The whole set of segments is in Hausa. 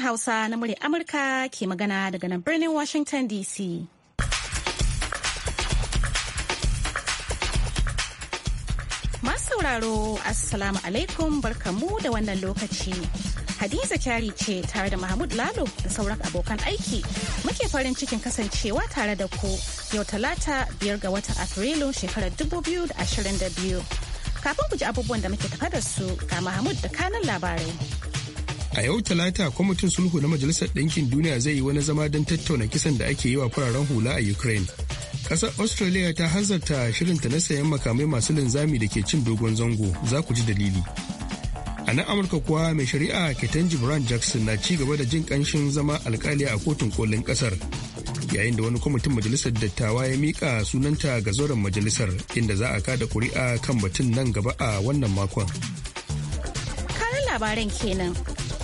sashen Hausa na murya Amurka ke magana daga nan birnin Washington DC. Masu sauraro, Assalamu alaikum barkamu da wannan lokaci. Hadiza Kyari ce tare da Mahmud Lalo da sauran abokan aiki muke farin cikin kasancewa tare da ku yau talata biyar ga wata Afrilu shekarar 2022. Kafin ku ji abubuwan da muke tafa da su ga Mahmud da kanan labarai. a yau talata kwamitin sulhu na majalisar ɗinkin duniya zai yi wani zama don tattauna kisan da ake yi wa fararen hula a ukraine ƙasar australia ta hanzarta shirinta na sayan makamai masu linzami da ke cin dogon zango za ku ji dalili a nan amurka kuwa mai shari'a ketan jibran jackson na ci gaba da jin ƙanshin zama alkali a kotun kolin ƙasar yayin da wani kwamitin majalisar dattawa ya mika sunanta ga zoren majalisar inda za a kada kuri'a kan batun nan gaba a wannan makon labaran kenan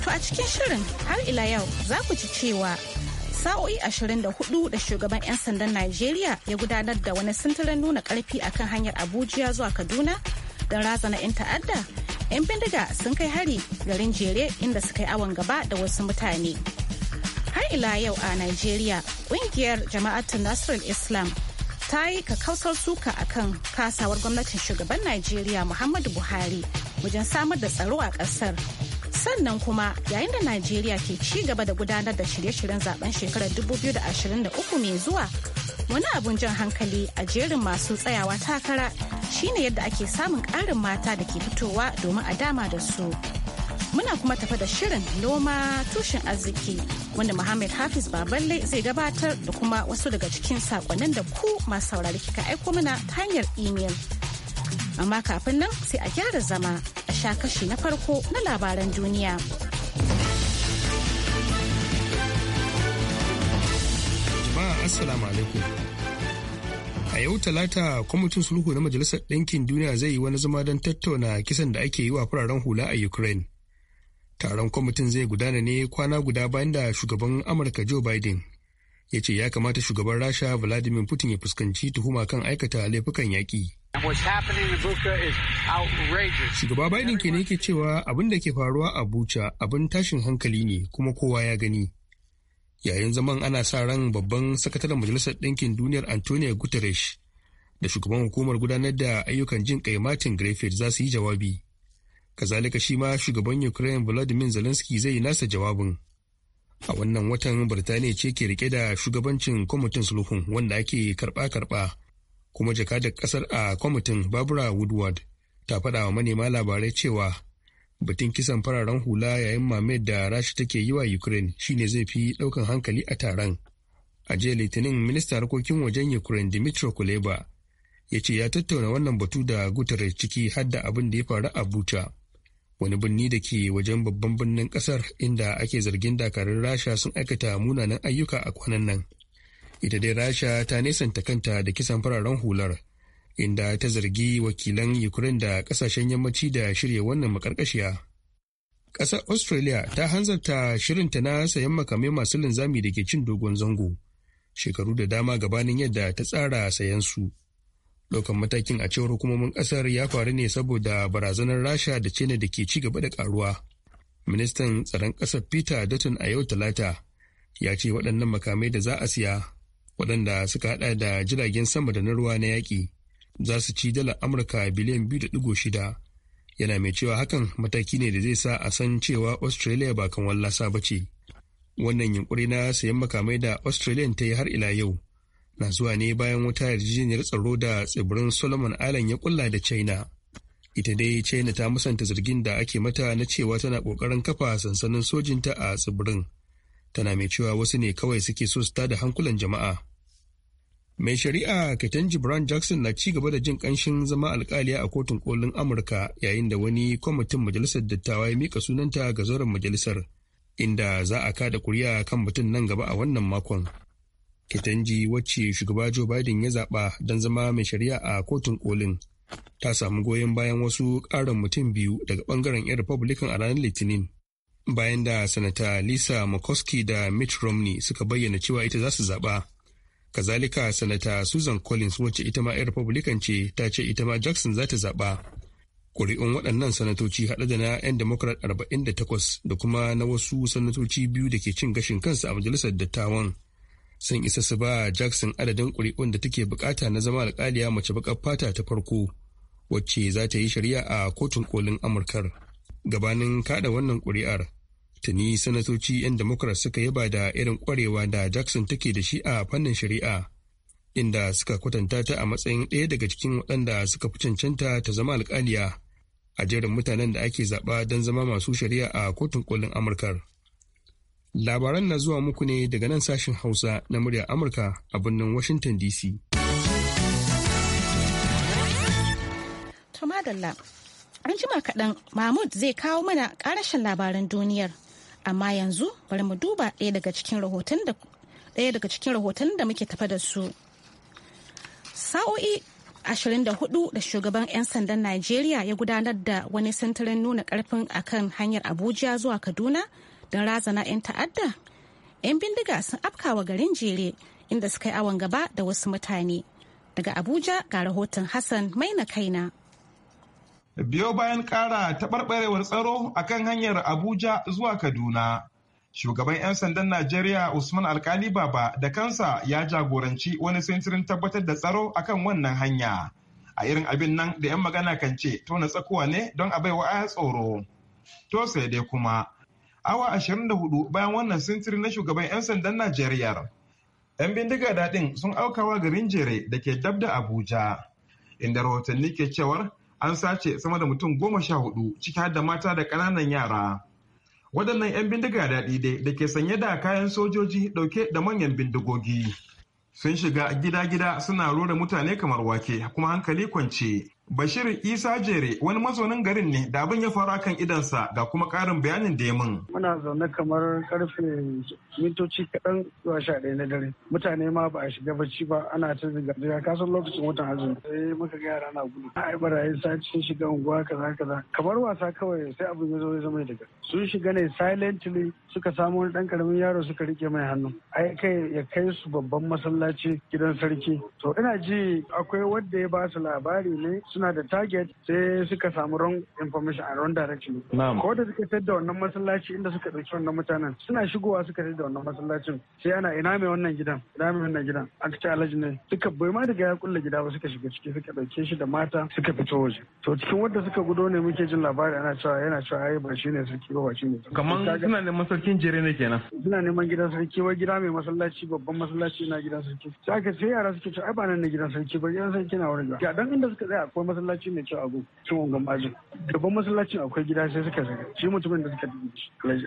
To a cikin shirin har ila yau za ku ci cewa sa'o'i 24 da shugaban 'yan sandan Najeriya ya gudanar da wani sintirin nuna karfi a kan hanyar Abuja zuwa Kaduna don razana 'yan ta'adda. 'Yan bindiga sun kai hari garin jere inda suka yi awon gaba da wasu mutane. Har ila yau a Najeriya, ƙungiyar jama'atun Nasirul Islam ta yi kakausar suka a kan kasawar gwamnatin shugaban Najeriya Muhammadu Buhari wajen samar da tsaro a ƙasar. sannan kuma yayin da najeriya ke ci gaba da gudanar da shirye-shiryen zaben shekarar 2023 mai zuwa wani abun jan hankali a jerin masu tsayawa takara shine yadda ake samun karin mata da ke fitowa domin a dama da su muna kuma tafa da shirin noma tushen arziki wanda muhammad hafiz baballe zai gabatar da kuma wasu daga cikin sakonnin da ku masu saurari kika aiko mana ta hanyar imel amma kafin nan sai a gyara zama sha kashi na farko na labaran duniya. Jama'a Assalamu alaikum. A yau Talata kwamitin sulhu na Majalisar Ɗinkin Duniya zai yi wani zama don tattauna kisan da ake yi wa fararen hula a Ukraine. Taron kwamitin zai gudana ne kwana guda bayan da shugaban Amurka Joe Biden ya ce ya kamata shugaban Rasha Vladimir Putin ya fuskanci tuhuma kan aikata laifukan yaƙi. Shugaba Biden ke ne yake cewa abin da ke faruwa a Bucha abin tashin hankali ne kuma kowa ya gani. Yayin zaman ana sa ran babban sakataren Majalisar Ɗinkin Duniyar Antonio Guterres da shugaban hukumar gudanar da ayyukan jin kai Martin Griffith za su yi jawabi. Kazalika shi ma shugaban Ukraine Volodymyr Zelensky zai yi nasa jawabin. A wannan watan Birtaniya ce ke rike da shugabancin kwamitin sulhun wanda ake karba-karba. kuma jakadar kasar a kwamitin Barbara Woodward ta faɗa wa manema labarai cewa batun kisan fararen hula yayin mamayar da rashi take yi wa Ukraine shine zai fi ɗaukan hankali a taron. A jiya Litinin ministan harkokin wajen Ukraine Dmitry Kuleba ya ce ya tattauna wannan batu da Guterres ciki har da abin da ya faru a Bucha. Wani birni da ke wajen babban birnin kasar inda ake zargin dakarun Rasha sun aikata munanan ayyuka a kwanan nan. ita dai rasha ta nesanta kanta da kisan fararen hular inda ta zargi wakilan ukraine da kasashen yammaci da shirya wannan makarkashiya ƙasar australia ta hanzarta shirinta na sayan makamai masu linzami da ke cin dogon zango shekaru da dama gabanin yadda ta tsara sayan su ɗaukan matakin a cewar hukumomin ƙasar ya faru ne saboda barazanar rasha da china da ke ci gaba da karuwa ministan tsaron ƙasar peter dutton a yau talata ya ce waɗannan makamai da za a siya waɗanda suka haɗa da jiragen sama da na ruwa na yaƙi za su ci dalar amurka biliyan 2.6 yana mai cewa hakan mataki ne da zai sa a san cewa australia ba kan wallasa ba ce wannan yunkuri na sayan makamai da australian ta yi har ila yau na zuwa ne bayan wata yarjejeniyar tsaro da tsibirin solomon island ya kulla da china ita dai china ta musanta zargin da ake mata na cewa tana kokarin kafa sansanin sojinta a tsibirin tana mai cewa wasu ne kawai suke so su tada hankulan jama'a mai shari'a Ketan Brown Jackson na ci gaba da jin ƙanshin zama alƙaliya a kotun kolin Amurka yayin da wani kwamitin majalisar dattawa ya mika sunanta ga zoren majalisar inda za a kada kuri'a kan mutum nan gaba a wannan makon. Ketanji wacce shugaba Joe Biden ya zaɓa don zama mai shari'a a kotun kolin ta samu goyon bayan wasu ƙarin mutum biyu daga ɓangaren 'yan Republican a ranar Litinin. bayan da sanata lisa mccoskey da mitt romney suka bayyana cewa ita za su zaɓa kazalika sanata susan collins wacce ita ma 'yan republican ce ta ce ita ma jackson za ta zaɓa ƙuri'un waɗannan sanatoci haɗe da na 'yan democrat 48 da kuma na wasu sanatoci biyu da ke cin gashin kansu a majalisar dattawan sun isa su ba jackson adadin ƙuri'un da take bukata na zama alƙaliya mace baƙar fata ta farko wacce za ta yi shari'a a kotun kolin amurkar gabanin kada wannan ƙuri'ar tuni sanatoci 'yan democrat suka yaba da irin kwarewa da jackson take da shi a fannin shari'a inda suka kwatanta ta a matsayin ɗaya daga cikin waɗanda suka fi cancanta ta zama alƙaliya a jerin mutanen da ake zaɓa don zama masu shari'a a kotun kolin amurkar labaran na zuwa muku ne daga nan sashen hausa na murya amurka a birnin washington dc an jima kaɗan mahmud zai kawo mana ƙarashin labaran duniyar amma yanzu bari mu duba ɗaya daga cikin rahoton da muke tafa da su sa'o'i 24 da shugaban 'yan sandan najeriya ya gudanar da wani sintirin nuna karfin akan hanyar abuja zuwa kaduna don razana 'yan ta'adda 'yan bindiga sun afkawa garin jere inda suka yi awon gaba da wasu mutane daga abuja ga rahoton hassan maina kaina biyo bayan ƙara taɓarɓarewar tsaro a kan hanyar Abuja zuwa Kaduna. Shugaban 'yan sandan Najeriya Usman Alkali Baba da kansa ya jagoranci wani sintirin tabbatar da tsaro akan wannan hanya. A irin abin nan da 'yan magana kan ce tona tsakuwa ne don a baiwa aya tsoro. To sai dai kuma, awa 24 bayan wannan sintiri na shugaban 'yan sandan Najeriya. 'Yan bindiga daɗin sun aukawa garin jere da ke dab da Abuja. Inda rahotanni ke cewar an sace sama da mutum goma sha hudu ciki har da mata da ƙananan yara waɗannan 'yan bindiga daɗi dai da ke sanye da kayan sojoji ɗauke da manyan bindigogi sun shiga gida-gida suna rura mutane kamar wake kuma hankali kwance bashir isa jere wani mazaunin garin ne da abin ya faru akan idansa ga kuma ƙarin bayanin da ya mun. muna zaune kamar karfe mintoci kaɗan zuwa sha ɗaya na dare mutane ma ba a shiga bacci ba ana ta zirga-zirga kasan lokacin watan azumi sai muka ga yara na gudu a yi barayi sacin shiga unguwa kaza kaza kamar wasa kawai sai abin ya zo ya zama daga sun shiga ne silently suka samu wani ɗan karamin yaro suka rike mai hannu ai kai ya kai su babban masallaci gidan sarki to ina ji akwai wanda ya ba su labari ne suna da target sai suka samu wrong information a wrong direction ko da suka tadda wannan masallaci inda suka ɗauki wannan mutanen suna shigowa suka tadda wannan masallacin sai ana ina mai wannan gidan ina mai wannan gidan aka ce alhaji ne suka bai ma daga ya kulle gida ba suka shiga ciki suka dauke shi da mata suka fito waje to cikin wanda suka gudo ne muke jin labari ana cewa yana cewa ai ba shine sarki ba shi ne kaman suna neman sarkin jere ne kenan suna neman gidan sarki wai gida mai masallaci babban masallaci na gidan sarki sai aka ce yara suke cewa ai ba nan ne gidan sarki ba gidan sarki na wurin ga dan inda suka tsaya akwai masallaci ne cewa abu? go cin ungan Babban masallacin akwai gida sai suka shiga shi mutumin da suka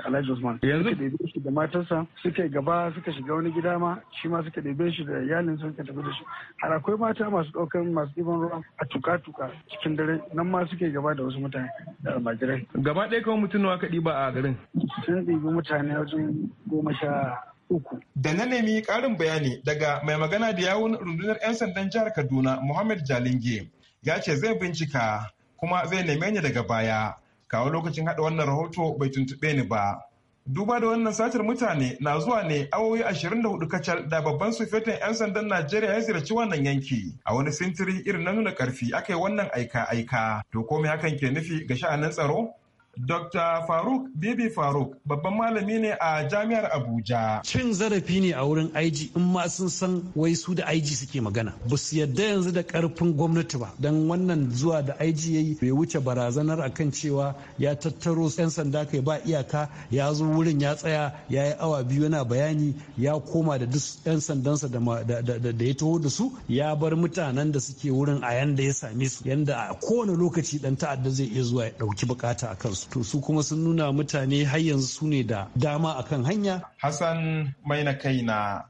alhaji Usman yanzu da matarsa suka gaba suka shiga wani gida ma shi ma suka ɗebe shi da iyalin sun ka tafi da shi har akwai mata masu ɗaukan masu ɗiban ruwa a tuka-tuka cikin dare nan ma suke gaba da wasu mutane da almajirai. gaba ɗaya kawai mutum nawa ka ɗiba a garin. sun ɗibi mutane wajen goma sha uku. Da na nemi ƙarin bayani daga mai magana da yawun rundunar 'yan sandan jihar Kaduna Muhammad Jalinge ya ce zai bincika kuma zai neme ni daga baya. Kawo lokacin haɗa wannan rahoto bai tuntuɓe ni ba. duba da wannan satar mutane na zuwa ne awowi 24 kacal da babban sufetin 'yan sandan najeriya ya ziyarci wannan yanki a wani sintiri irin na nuna karfi aka yi wannan aika aika to komai hakan ke nufi ga sha'anin tsaro Dr. Faruk Bibi Faruk babban malami ne a jami'ar Abuja. Cin zarafi ne a wurin IG in ma sun san wai su da IG suke magana. Ba su yadda yanzu da karfin gwamnati ba. Dan wannan zuwa da IG yayi bai wuce barazanar akan cewa ya tattaro 'yan sanda kai ba iyaka ya zo wurin ya tsaya ya yi awa biyu yana bayani ya koma da duk 'yan sandansa da ya taho da su ya bar mutanen da suke wurin a yanda ya same su yanda a kowane lokaci dan ta'adda zai iya zuwa ya ɗauki bukata a kansu. to su kuma sun nuna mutane har yanzu su ne da dama a kan hanya hassan mai na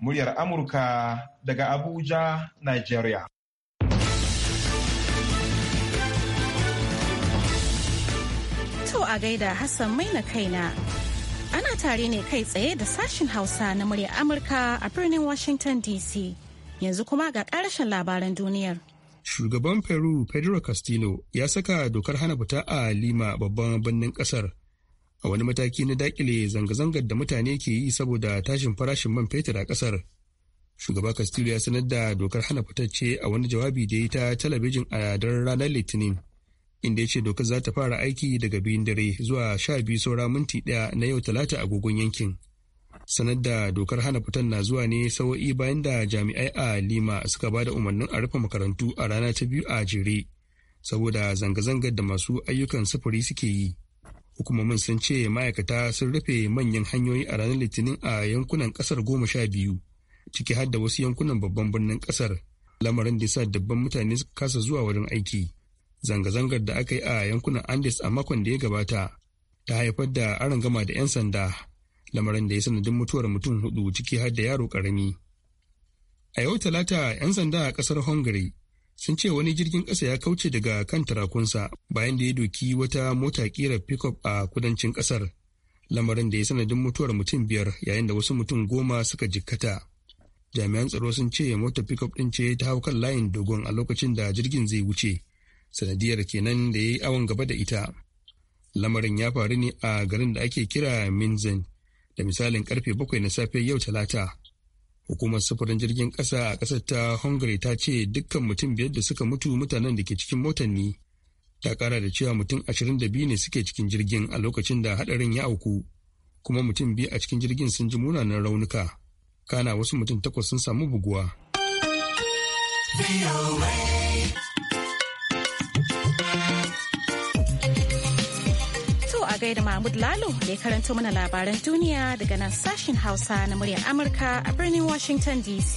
muryar amurka daga abuja nigeria to a gaida hassan mai na kaina ana tare ne kai tsaye da sashin hausa na muryar amurka a birnin washington dc yanzu kuma ga ƙarashin labaran duniyar shugaban peru pedro castillo ya saka dokar hana fita a lima babban birnin kasar a wani mataki na dakile zanga-zangar da mutane ke yi saboda tashin farashin man fetur a kasar shugaba castillo ya sanar da dokar hana fitacce a wani jawabi da ya ta talabijin a daren ranar litinin inda ya ce dokar za ta fara aiki daga biyun dare zuwa sha biyu saura minti ɗaya na yau talata agogon yankin sanar da dokar hana fitan na zuwa ne sawa'i bayan da jami'ai a lima suka ba da umarnin a rufe makarantu a rana ta biyu a jere saboda zanga-zangar da masu ayyukan sufuri suke yi hukumomin sun ce ma'aikata sun rufe manyan hanyoyi a ranar litinin a yankunan kasar goma sha biyu ciki har wasu yankunan babban birnin kasar lamarin da sa dabban mutane suka kasa zuwa wurin aiki zanga-zangar da aka yi a yankunan andes a makon da ya gabata ta haifar da arangama da 'yan sanda lamarin da ya sanadin mutuwar mutum hudu ciki har da yaro karami a yau talata 'yan sanda a ƙasar hungary sun ce wani jirgin ƙasa ya kauce daga kan tarakunsa bayan da ya doki wata mota ƙirar pickup a kudancin ƙasar lamarin da ya sanadin mutuwar mutum biyar yayin da wasu mutum goma suka jikkata jami'an tsaro sun ce motar pickup ɗin ce ta hau kan layin dogon a lokacin da jirgin zai wuce sanadiyar kenan da ya yi awon gaba da ita lamarin ya faru ne a garin da ake kira minzen da misalin karfe bakwai na safe yau talata hukumar sufurin jirgin kasa a kasar ta hungary ta ce dukkan mutum biyar da suka mutu mutanen da ke cikin motar ne ta kara da cewa mutum ashirin da biyu ne suke cikin jirgin a lokacin da hadarin ya auku kuma mutum biyu a cikin jirgin sun ji munanan raunuka kana wasu mutum takwas sun samu buguwa. gaida Mahmud Lalo da ya karanto mana labaran duniya daga nan sashen Hausa na muryar Amurka a birnin Washington DC.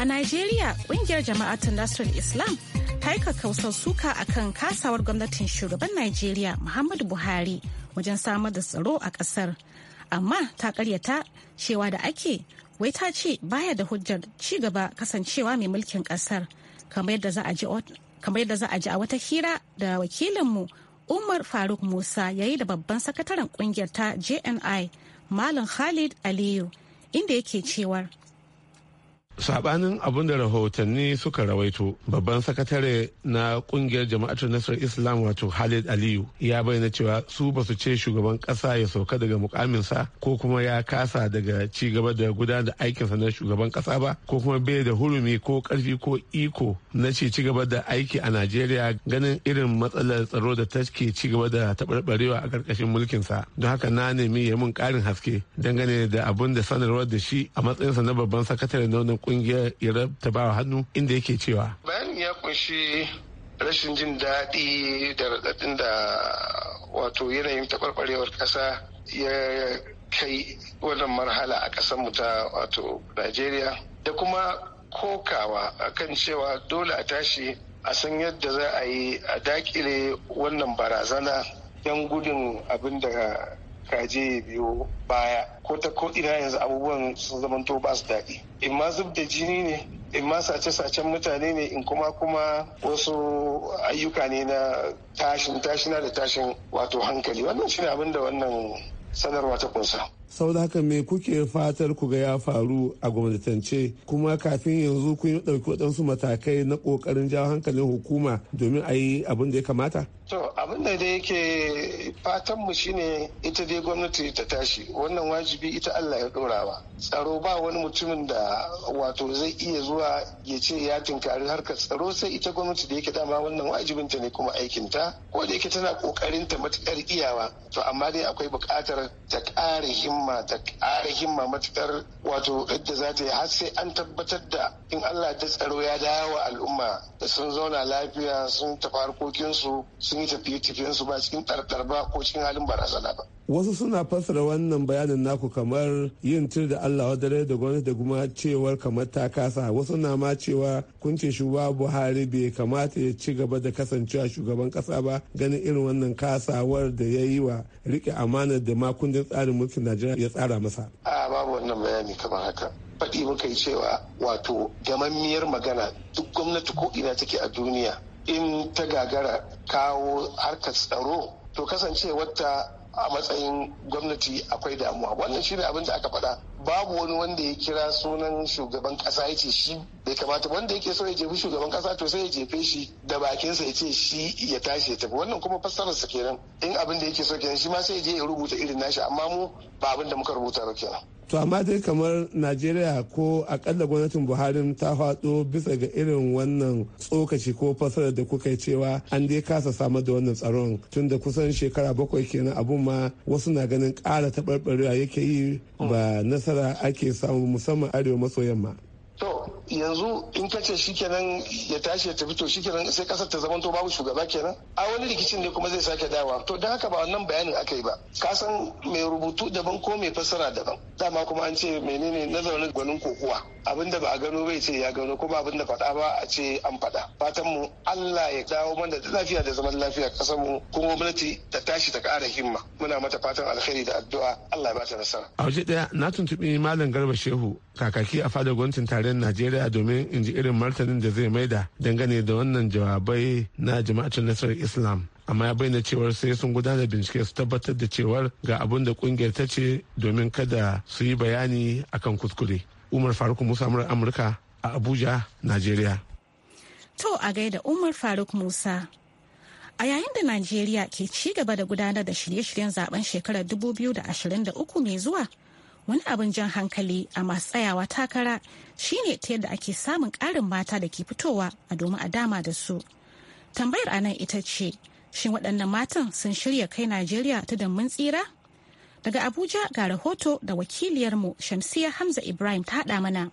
A Najeriya, ƙungiyar jama'atun Nasrul Islam ta yi kakkausar suka akan kasawar gwamnatin shugaban Najeriya Muhammadu Buhari wajen samar da tsaro a ƙasar. Amma ta karyata cewa da ake wai ta ce baya da hujjar ci gaba kasancewa mai mulkin ƙasar kamar yadda za a ji kamar yadda za a ji a wata hira da wakilinmu umar faruk musa yayi da babban sakataren kungiyar ta jni malam khalid aliyu inda yake cewar sabanin abin da rahotanni suka rawaito babban sakatare na kungiyar jama'atar nasar islam wato halid aliyu ya bayyana cewa su ba su ce shugaban kasa ya sauka daga mukaminsa ko kuma ya kasa daga ci da gudanar da aikinsa na shugaban kasa ba ko kuma bai da hurumi ko karfi ko iko na ci ci gaba da aiki a najeriya ganin irin matsalar tsaro da ta ke ci gaba da taɓarɓarewa a ƙarƙashin mulkinsa don haka na nemi ya mun ƙarin haske dangane da abin da sanarwar da shi a matsayinsa na babban sakatare na wannan kungiyar irab ta ba hannu inda yake cewa bayanin ya kunshi rashin jin daɗi da raɗaɗin da wato yanayin taɓarɓarewar ƙasa ya kai wannan marhala a ƙasarmu ta wato najeriya da kuma kokawa a kan cewa dole a tashi a san yadda za a yi a daƙile wannan barazana yan gudun abin da kaje ya biyo baya ko ta ko ina yanzu abubuwan sun zamanto ba su daɗi in ma zub da jini ne in ma sace-sacen mutane ne in kuma kuma wasu ayyuka ne na tashin tashina da tashin wato hankali wannan shine bin abin da wannan sanarwa ta kunsa. sau da haka me kuke fatar ku ga ya faru a gwamnatance kuma kafin yanzu kun yi ɗauki waɗansu matakai na ƙoƙarin jawo hankalin hukuma domin a yi abin da ya kamata? To abin da dai yake fatanmu shine ita dai gwamnati ta tashi wannan wajibi ita Allah ya ɗorawa. Tsaro ba wani mutumin da wato zai iya zuwa ya ce ya tinkari harkar tsaro sai ita gwamnati da yake dama wannan wajibin ta ne kuma ta ko da yake tana kokarin ta matukar iyawa to amma dai akwai bukatar ta ƙara himma ta ƙara himma matukar wato yadda za ta yi har sai an tabbatar da in Allah da tsaro ya dawo al'umma da sun zauna lafiya sun tafi harkokinsu sun sun tafiye-tafiyen su ba cikin tartar ba ko cikin halin barazana ba. Wasu suna fassara wannan bayanin naku kamar yin tir da Allah dare da gwamnati da kuma cewar kamar ta kasa wasu na ma cewa kun ce shugaba Buhari bai kamata ya ci gaba da kasancewa shugaban kasa ba ganin irin wannan kasawar da ya yi wa rike amanar da ma kundin tsarin mulkin Najeriya ya tsara masa. A babu wannan bayani kamar haka. Faɗi muka yi cewa wato gamammiyar magana duk gwamnati ko ina take a duniya in ta gagara kawo harkar tsaro to kasance wata a matsayin gwamnati akwai damuwa wannan shine abin da aka faɗa babu wani wanda ya kira sunan shugaban kasa ya ce shi bai kamata wanda yake so ya jefi shugaban kasa to sai ya jefe shi da bakinsa ya ce shi ya tashi ya tafi wannan kuma sa kenan in abin da yake so kenan shi ma sai ya je ya rubuta irin nashi amma mu ba abin da muka rubuta ba kenan to amma dai kamar najeriya ko akalla gwamnatin buhari ta faɗo bisa ga irin wannan tsokaci ko fassarar da kuka yi cewa an dai kasa samar da wannan tsaron tun da kusan shekara bakwai kenan abun ma wasu na ganin ƙara taɓarɓarewa yake yi ba mm. nasa nasara ake samu musamman arewa maso yamma yanzu in ka ce shikenan ya tashi ya tafi to shikenan sai kasar ta to babu shugaba kenan a wani rikicin ne kuma zai sake dawa to don haka ba wannan bayanin aka yi ba ka san mai rubutu daban ko mai fassara daban dama kuma an ce menene nazarin gwanin kokuwa abinda ba a gano bai ce ya gano kuma da faɗa ba a ce an faɗa fatan mu Allah ya dawo mana da lafiya da zaman lafiya kasar mu kuma gwamnati ta tashi ta ƙara himma muna mata fatan alkhairi da addu'a Allah ya ba ta nasara a waje daya na tuntubi malam garba shehu kakaki a fadar gwamnatin tarayyar Najeriya tsaya domin in ji irin martanin da zai maida dangane da wannan jawabai na jama'acin nasarar islam amma ya bayyana cewar sai sun gudanar bincike su tabbatar da cewar ga abin da kungiyar ta ce domin kada su yi bayani akan kuskure umar faruk musa amurka a abuja nigeria. to a gaida umar faruk musa A yayin da nigeria ke ci gaba da gudanar da shirye-shiryen zaben shekarar 2023 mai zuwa, wani abin jan hankali a masu tsayawa takara shine ta yadda ake samun ƙarin mata da ke fitowa a domin a dama da su tambayar a nan ita ce shin waɗannan matan sun shirya kai najeriya ta mun tsira daga abuja ga rahoto da wakiliyarmu shamsiya hamza ibrahim ta haɗa mana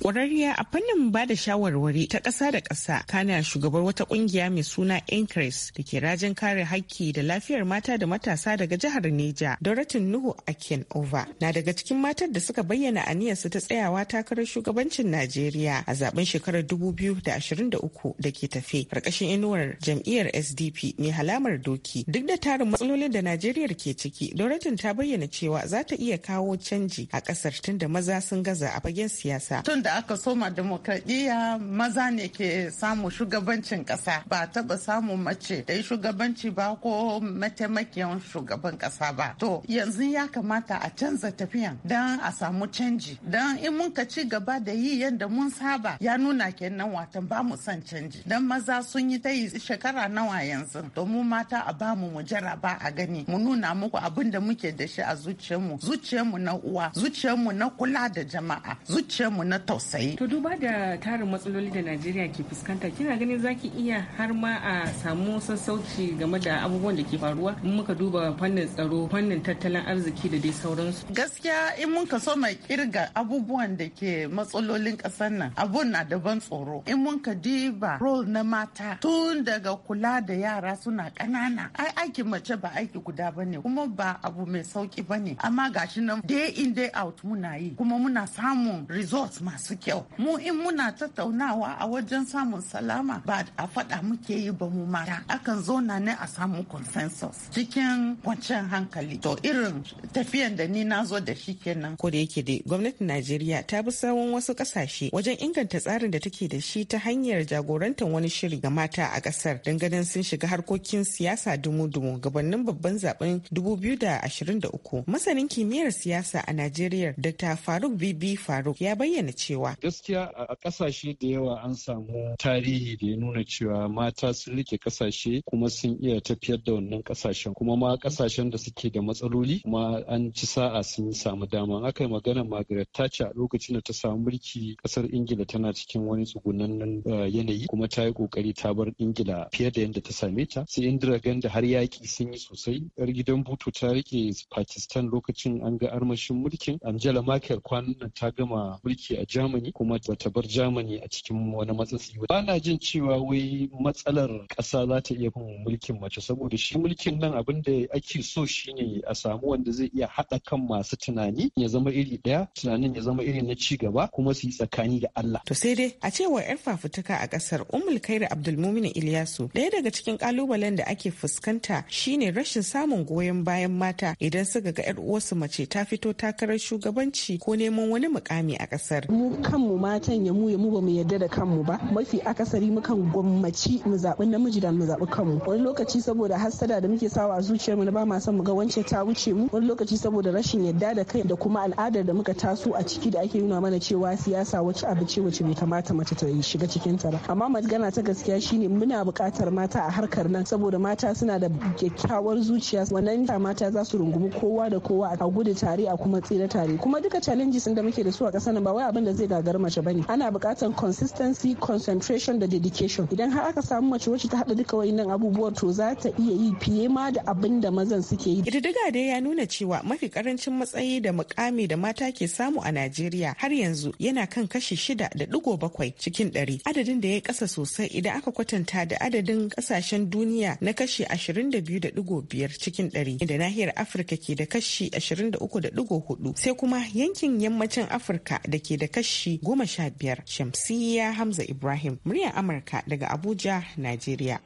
Ƙwararriya a fannin ba da shawarwari ta ƙasa da ƙasa kana shugabar wata ƙungiya mai suna Incres da ke rajin kare haƙƙi da lafiyar mata da matasa daga jihar Neja, Doratin Nuhu a Ova. Na daga cikin matar da suka bayyana aniyarsu ta tsayawa takarar shugabancin Najeriya a zaben shekarar 2023 da ke tafe ƙarƙashin inuwar jam'iyyar SDP mai halamar doki. Duk da tarin matsalolin da Najeriya ke ciki, Doratin ta bayyana cewa za ta iya kawo canji a ƙasar tunda maza sun gaza a fagen siyasa. da aka soma demokradiyya maza ne ke samu shugabancin kasa ba taba samu mace da yi shugabanci ba ko mataimakiyan shugaban kasa ba to yanzu ya kamata a canza tafiyan don a samu canji don in mun ka ci gaba da yi yadda mun saba ya nuna kenan watan ba mu son canji don maza sun yi ta yi shekara nawa yanzu domin mata a ba mu mu ba a gani mu nuna muku abin da muke da shi a zuciyarmu zuciyarmu na uwa zuciyarmu na kula da jama'a zuciyarmu na ta sosai. To duba da tarin matsaloli da Najeriya ke fuskanta kina ganin zaki iya har ma a samu sassauci game da abubuwan da ke faruwa in muka duba fannin tsaro fannin tattalin arziki da dai sauransu. Gaskiya in mun ka so mai kirga abubuwan da ke matsalolin ƙasar nan abun na da ban tsoro. In mun ka diba rol na mata tun daga kula da yara suna ƙanana. Ai aikin mace ba aiki guda bane kuma ba abu mai sauki bane amma gashi nan day in day out muna yi kuma muna samun results masu masu kyau mu in muna tattaunawa a wajen samun salama ba a faɗa muke yi ba mu mata akan na ne a samu consensus cikin kwanciyar hankali to irin tafiyan da ni na zo da shi kenan ko da yake dai gwamnatin Najeriya ta bi sawon wasu ƙasashe wajen inganta tsarin da take da shi ta hanyar jagorantar wani shiri ga mata a ƙasar. Dangane sun shiga harkokin siyasa dumu-dumu gabanin babban zaben 2023 masanin kimiyyar siyasa a Najeriya Dr. Faruk Bibi Faruk ya bayyana cewa cewa. Gaskiya a ƙasashe da yawa an samu tarihi da ya nuna cewa mata sun rike ƙasashe kuma sun iya tafiyar da wannan ƙasashen kuma ma ƙasashen da suke da matsaloli kuma an ci sa'a sun samu dama. Aka yi magana Margaret Thatcher a lokacin da ta samu mulki ƙasar Ingila tana cikin wani tsugunannen eh, yanayi kuma ta yi ƙoƙari ta bar Ingila fiye da yadda ta same ta. Sai Indira Gandhi har yaƙi sun yi sosai. Yar gidan Butu ta rike Pakistan lokacin an ga armashin mulkin. Angela Merkel kwanan nan ta gama mulki a Jamus. Germany kuma bata bar Germany a cikin wani matsatsi ba. na jin cewa wai matsalar ƙasa za ta iya kuma mulkin mace saboda shi mulkin nan abin da ake so shine a samu wanda zai iya haɗa kan masu tunani ya zama iri ɗaya tunanin ya zama iri na ci gaba kuma su yi tsakani da Allah. To sai dai a cewar 'yar fafutuka a ƙasar Ummul Kaira Abdulmumin Ilyasu ɗaya daga cikin ƙalubalen da ake fuskanta shine rashin samun goyon bayan mata idan suka ga 'yar uwarsu mace ta fito takarar shugabanci ko neman wani mukami a kasar. kanmu matan ya mu ya mu ba mu yarda da kanmu ba mafi akasari mukan gwammaci mu zaɓi namiji da mu zaɓi kanmu wani lokaci saboda hassada da muke sawa a zuciyarmu na ba ma san mu ga wance ta wuce mu wani lokaci saboda rashin yarda da kai da kuma al'adar da muka taso a ciki da ake nuna mana cewa siyasa wace abu ce wace bai kamata mace ta shiga cikin ta ba amma magana ta gaskiya shine muna buƙatar mata a harkar nan saboda mata suna da kyakkyawar zuciya wannan mata za su rungumi kowa da kowa a gudu tare a kuma tsira tare kuma duka challenges da muke da su a ƙasar nan ba wai abin da zai zai gagar mace bane ana buƙatar consistency concentration da dedication idan har aka samu mace wacce ta haɗa duka wayannan abubuwa to za ta iya yi fiye ma da abin da mazan suke yi ƙididdiga dai ya nuna cewa mafi karancin matsayi da mukami da mata ke samu a najeriya har yanzu yana kan kashi shida da digo bakwai cikin ɗari adadin da ya kasa sosai idan aka kwatanta da adadin kasashen duniya na kashi ashirin da biyu da digo biyar cikin ɗari inda nahiyar afirka ke da kashi ashirin da uku da digo hudu sai kuma yankin yammacin afirka da ke da kashi kashi goma sha biyar shamsiya hamza ibrahim muryar amurka daga abuja najeriya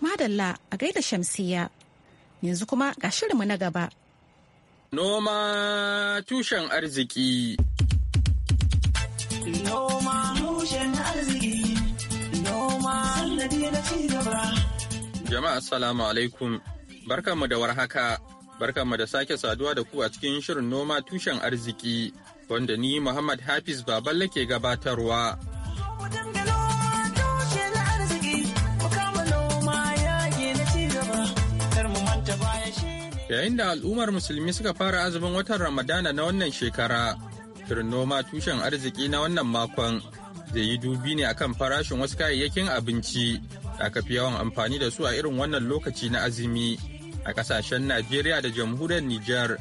madalla a gaida shamsiya yanzu kuma ga shirinmu na gaba noma tushen arziki noma tushen arziki noma jama'a assalamu alaikum barkanmu da warhaka barkanmu da sake saduwa da ku a cikin shirin noma tushen arziki wanda ni Muhammad Hafiz Baballe ke gabatarwa. Yayin da al'ummar musulmi suka fara azumin watan Ramadana na wannan shekara, shirin noma tushen arziki na wannan makon zai yi dubi ne akan farashin wasu kayayyakin abinci da aka fi yawan amfani da su a irin wannan lokaci na azumi a kasashen Najeriya da jamhuriyar Nijar.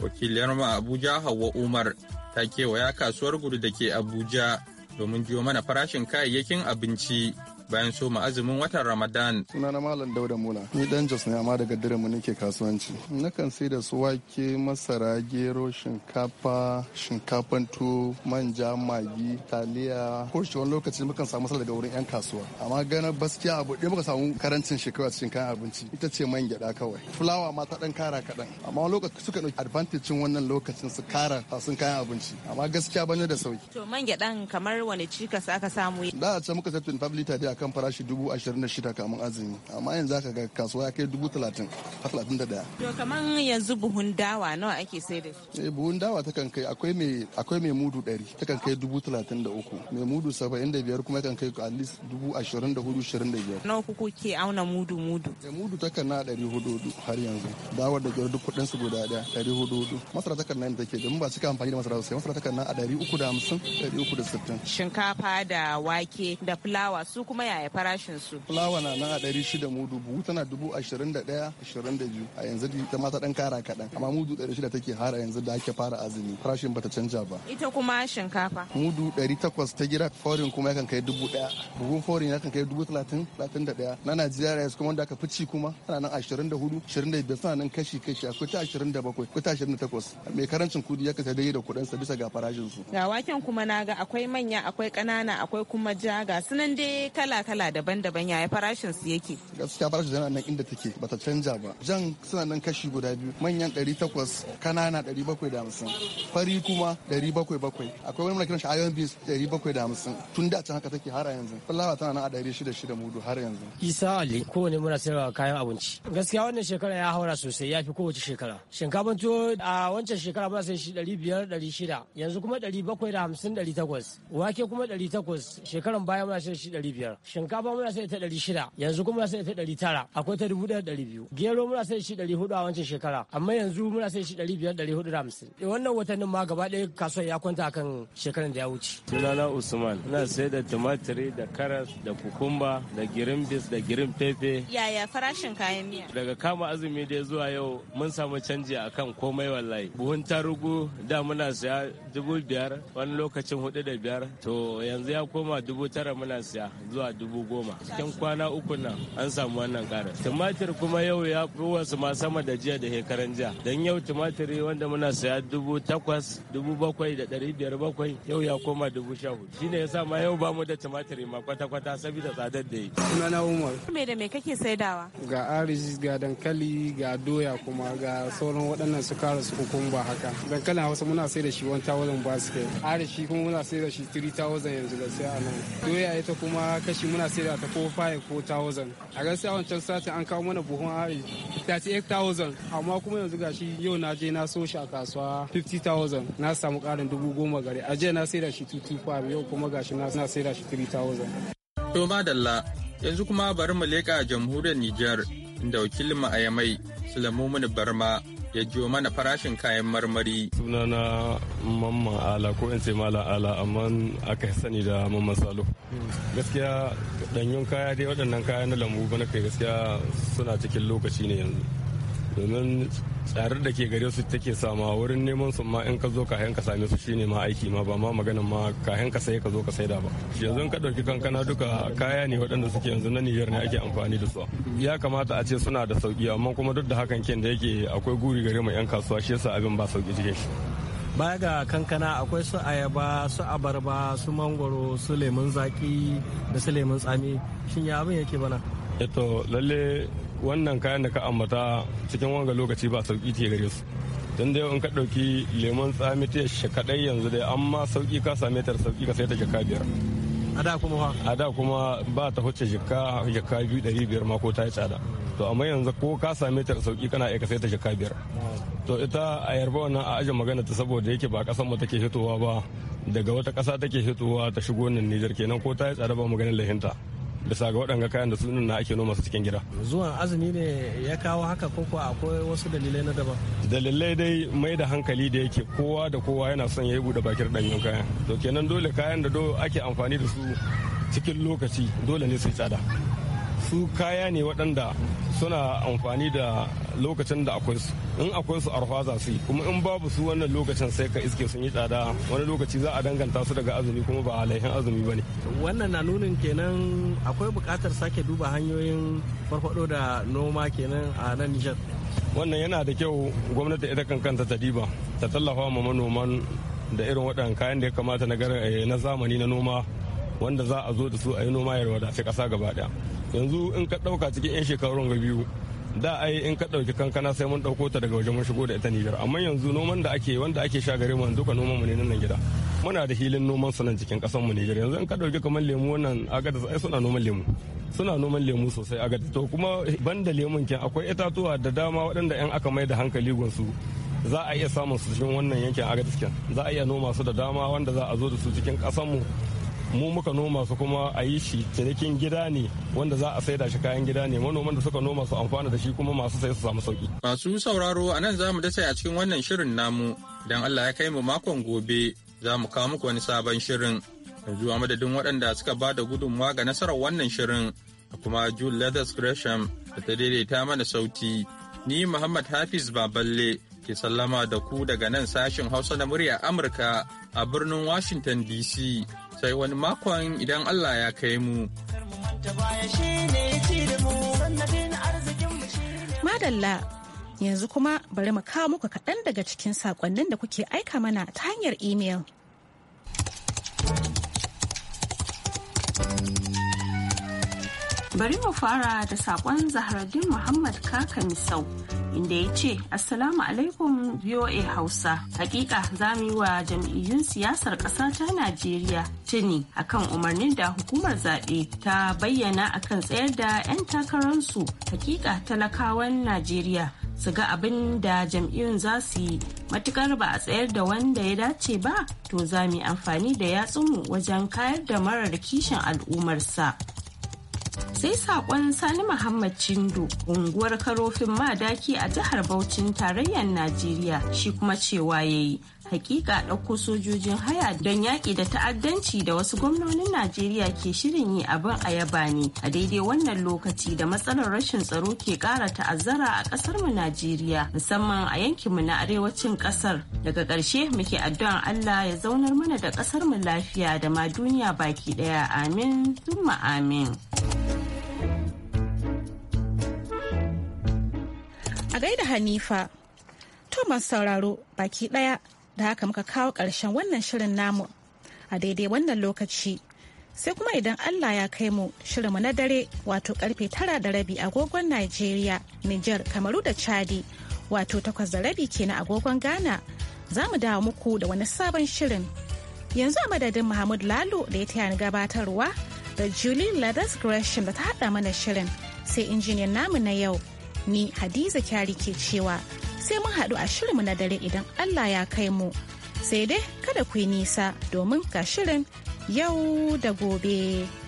wakiliyar mu Abuja Hauwa Umar ta kewaya kasuwar gudu da ke Abuja domin jiyo mana farashin kayayyakin abinci. bayan soma azumin watan Ramadan. Sunana Malam Dauda Mula, ni dan Jos ne amma daga mu nake kasuwanci. Nakan sai da su wake, masara, gero, shinkafa, shinkafan tuwo, manja, magi, taliya. Ko shi wani lokaci mukan samu sala daga wurin 'yan kasuwa. Amma gana baskiya, abu ɗaya muka samu karancin shekaru a cikin kayan abinci ita ce man gyaɗa kawai. Fulawa ma ta ɗan kara kaɗan. Amma wani lokaci suka ɗauki advantajin wannan lokacin su kara sun kayan abinci. Amma gaskiya bane da sauki. To man gyaɗan kamar wani cikas aka samu. Da a can muka sai 25 lita dai akan farashi dubu ashirin da shida kamun azumi amma yanzu aka ga kasuwa ya kai dubu talatin har talatin da daya. to kaman yanzu buhun dawa nawa ake sai da shi. eh buhun dawa ta kan kai akwai mai akwai mai mudu ɗari ta kan kai dubu talatin da uku mai mudu saba'in da biyar kuma kan kai at least dubu ashirin da hudu ashirin da biyar. nawa kuku ke auna mudu mudu. eh mudu ta kan na ɗari hudu har yanzu dawar da gyara duk kuɗin su guda ɗaya ɗari hudu hudu masara ta kan nan take domin ba cika amfani da masara sosai masara ta kan na a ɗari uku da hamsin ɗari uku da sittin. shinkafa da wake da fulawa su kuma kuma yaya farashin su fulawa na nan a ɗari shida mudu buhu tana dubu ashirin da ɗaya ashirin da biyu a yanzu ita ma ta ɗan kara kaɗan amma mudu ɗari shida take har yanzu da ake fara azumi farashin bata canja ba ita kuma shinkafa mudu ɗari takwas ta gida forin kuma yakan kai dubu ɗaya buhun forin yakan kai dubu talatin talatin da ɗaya na najeriya yanzu kuma wanda aka fi ci kuma tana nan ashirin da hudu ashirin da biyar suna nan kashi kashi akwai ta ashirin da bakwai akwai ta ashirin da takwas mai karancin kudi yakan dai da sa bisa ga farashin su ga waken kuma naga akwai manya akwai ƙanana akwai kuma ja ga sunan dai kala kala-kala daban-daban yaya farashin su yake gaskiya farashin yana nan inda take bata canja ba jan suna nan kashi guda biyu manyan 800 kanana 750 fari kuma 700 akwai wani kiran shi iron beans 750 tun da can haka take har yanzu fulawa tana nan a 600 mudu har yanzu isa ali kowane muna sayarwa kayan abinci gaskiya wannan shekara ya haura sosai ya fi kowace shekara shinkafin tuwo a wancan shekara muna sai shi 500 600 yanzu kuma 750 800 wake kuma 800 shekaran baya muna sai shi 500 shinkafa muna sai ta ɗari shida yanzu kuma muna sai ta ɗari tara akwai ta dubu ɗaya ɗari biyu gero muna sai shi ɗari hudu a wancan shekara amma yanzu muna sai shi ɗari biyar ɗari hudu da hamsin eh, wannan watannin ma gaba ɗaya kasuwar ya kwanta akan shekaran da ya wuce. sunana usman na sai da tumatiri da karas da kukumba da girin bis da girin pepe. yaya farashin kayan miya. daga kama azumi dai zuwa yau mun samu canji akan komai wallahi buhun tarugu da muna siya dubu biyar wani lokacin hudu da biyar to yanzu ya koma dubu tara muna siya zuwa dubu goma cikin kwana uku nan an samu wannan kara tumatir kuma yau ya fi wasu ma sama da jiya da hekaran jiya don yau tumatir wanda muna saya dubu takwas dubu bakwai da ɗari biyar bakwai yau ya koma dubu sha hudu ya sa ma yau bamu da tumatir ma kwata-kwata saboda tsadar da yi. sunana umar. me da me kake saidawa. ga aris ga dankali ga doya kuma ga sauran waɗannan su kara su ba haka dankalin hausa muna sai da shi 1000 basket arishi kuma muna sai da shi 3000 yanzu da sai a nan doya ita kuma kashi shi muna sai da ta ko five ko thousand a gaskiya wancan satin an kawo mana buhun ari 38000 amma kuma yanzu gashi yau na je na so shi a kasuwa 50000 na samu karin dubu goma gari a jiya na sai da shi 225 yau kuma gashi na sai da shi 3000 thousand. to madalla yanzu kuma bari mu leƙa jamhuriyar nijar inda wakilin mu a yamai sulamu barma ya jiyo mana farashin kayan marmari. Suna na Mamman Ala ko in ce mala Ala amma aka sani da Mamman Salo. Gaskiya ɗanyun kaya dai waɗannan kaya na lambu bana kai gaskiya suna cikin lokaci ne yanzu. domin tsarar da ke gare su take sama wurin neman su ma in ka zo ka ka same su shine ma aiki ma ba ma magana ma ka ka sai ka zo ka saida ba yanzu ka dauki kankana duka kaya ne waɗanda suke yanzu na Niger ne ake amfani da su ya kamata a ce suna da sauki amma kuma duk da hakan kin da yake akwai guri gare mu yan kasuwa shi yasa abin ba sauki cikin shi baya ga kankana akwai su ayaba su abarba su mangoro su lemun zaki da su lemun tsami shin ya abin yake bana eto eh lalle wannan kayan da ka ambata cikin wanga lokaci ba sauki ce gare su don da yau in ka ɗauki lemon tsami ta shi kaɗai yanzu dai amma sauki ka same ta sauki ka sai ta jaka biyar a da kuma a da kuma ba ta huce jaka jaka biyu ɗari biyar ma ko ta yi tsada to amma yanzu ko ka same ta sauki kana aika sai ta jaka biyar to ita a yarba wannan a ajin magana ta saboda yake ba ƙasar mu take fitowa ba daga wata ƙasa take fitowa ta shigo nan Nijar kenan ko ta yi tsada ba maganin lahinta bisa ga waɗanga kayan da sunan na ake noma su cikin gida. Zuwan azumi ne ya kawo haka ko ko akwai wasu dalilai na daban? Dalilai dai mai da hankali da yake kowa da kowa yana son ya yi buɗe bakin ɗanyen kayan. To kenan dole kayan da do ake amfani da su cikin lokaci dole ne su tsada. su kaya ne waɗanda suna amfani da lokacin da akwai su in akwai su arfa za su yi kuma in babu su wannan lokacin sai ka iske sun yi tsada wani lokaci za a danganta su daga azumi kuma ba alaihin azumi ba ne wannan na nunin kenan akwai buƙatar sake duba hanyoyin farfado da noma kenan a nan nijar wannan yana da kyau gwamnati ita kan kanta ta diba ta tallafa ma manoman da irin waɗannan kayan da ya kamata na eh, zamani na noma wanda za a zo da su a yi noma ya wadace ƙasa gaba ɗaya yanzu in ka ɗauka cikin 'yan shekarun ga biyu da ai in ka ɗauki kankana sai mun ɗauko ta daga wajen mun shigo da ita Nijar amma yanzu noman da ake wanda ake sha gare mu duka noman mu ne nan gida muna da hilin noman su nan cikin ƙasar mu Nijar yanzu in ka ɗauki kamar lemu wannan agada ai suna noman lemu suna noman lemu sosai agada to kuma banda lemun ke akwai itatuwa da dama waɗanda 'yan aka mai da hankali gonsu za a iya samun su cikin wannan yankin agadis za a iya noma su da dama wanda za a zo da su cikin ƙasar mu mu muka noma su kuma a yi shi cinikin gida ne wanda za a saida shi kayan gida ne manoman da suka noma su amfana da shi kuma masu sai su samu sauki. Masu sauraro a nan za mu dace a cikin wannan shirin namu don Allah ya kai mu makon gobe za mu kawo muku wani sabon shirin. Yanzu a madadin waɗanda suka ba da gudunmawa ga nasarar wannan shirin kuma jude Leathers Gresham da ta daidaita mana sauti. Ni Muhammad Hafiz Baballe ke sallama da ku daga nan sashin Hausa na murya Amurka a birnin Washington DC. sai wani makon idan Allah ya kai mu. Madalla yanzu kuma bari mu kawo muku kaɗan daga cikin saƙonnin da kuke aika mana ta hanyar imel. Bari mu fara da saƙon Zahraddin Muhammad Kaka Misau inda ya ce Assalamu alaikum VOA Hausa. Hakika za mu yi wa jam'iyyun siyasar ƙasa ta Najeriya tuni akan umarnin da hukumar zaɓe ta bayyana akan tsayar da 'yan takararsu. Hakika talakawan Najeriya su ga abin da jam'iyyun za su yi matukar ba a tsayar da wanda ya dace ba to za mu yi amfani da yatsunmu wajen kayar da marar kishin al'ummarsa. sai sakon sani muhammad cindo unguwar karofin madaki a jihar Bauchin tarayyar najeriya shi kuma cewa ya yi hakika ɗauko sojojin haya don yaƙi da ta'addanci da wasu gwamnonin najeriya ke shirin yi abin a yaba ne a daidai wannan lokaci da matsalar rashin tsaro ke ƙara ta'azzara a ƙasar mu najeriya musamman a yankin mu na arewacin ƙasar daga ƙarshe muke addu'an allah ya zaunar mana da ƙasar mu lafiya da ma duniya baki ɗaya amin thumma amin. da Hanifa. To masu sauraro baki ɗaya da haka muka kawo ƙarshen wannan shirin namu a daidai wannan lokaci. Sai kuma idan Allah ya kai mu shirinmu na dare wato karfe tara da rabi agogon Najeriya, Nijar, Kamaru da Chadi wato takwas da rabi ke na agogon Ghana za mu dawo muku da wani sabon shirin. Yanzu a madadin Muhammad Lalo da ya taya ni gabatarwa da Julie Ladas Gresham da ta haɗa mana shirin sai injiniyan namu na yau. ni hadiza kyari ke cewa sai mun haɗu a shirinmu na dare idan allah ya kai mu sai dai kada ku yi nisa domin ga shirin yau da gobe.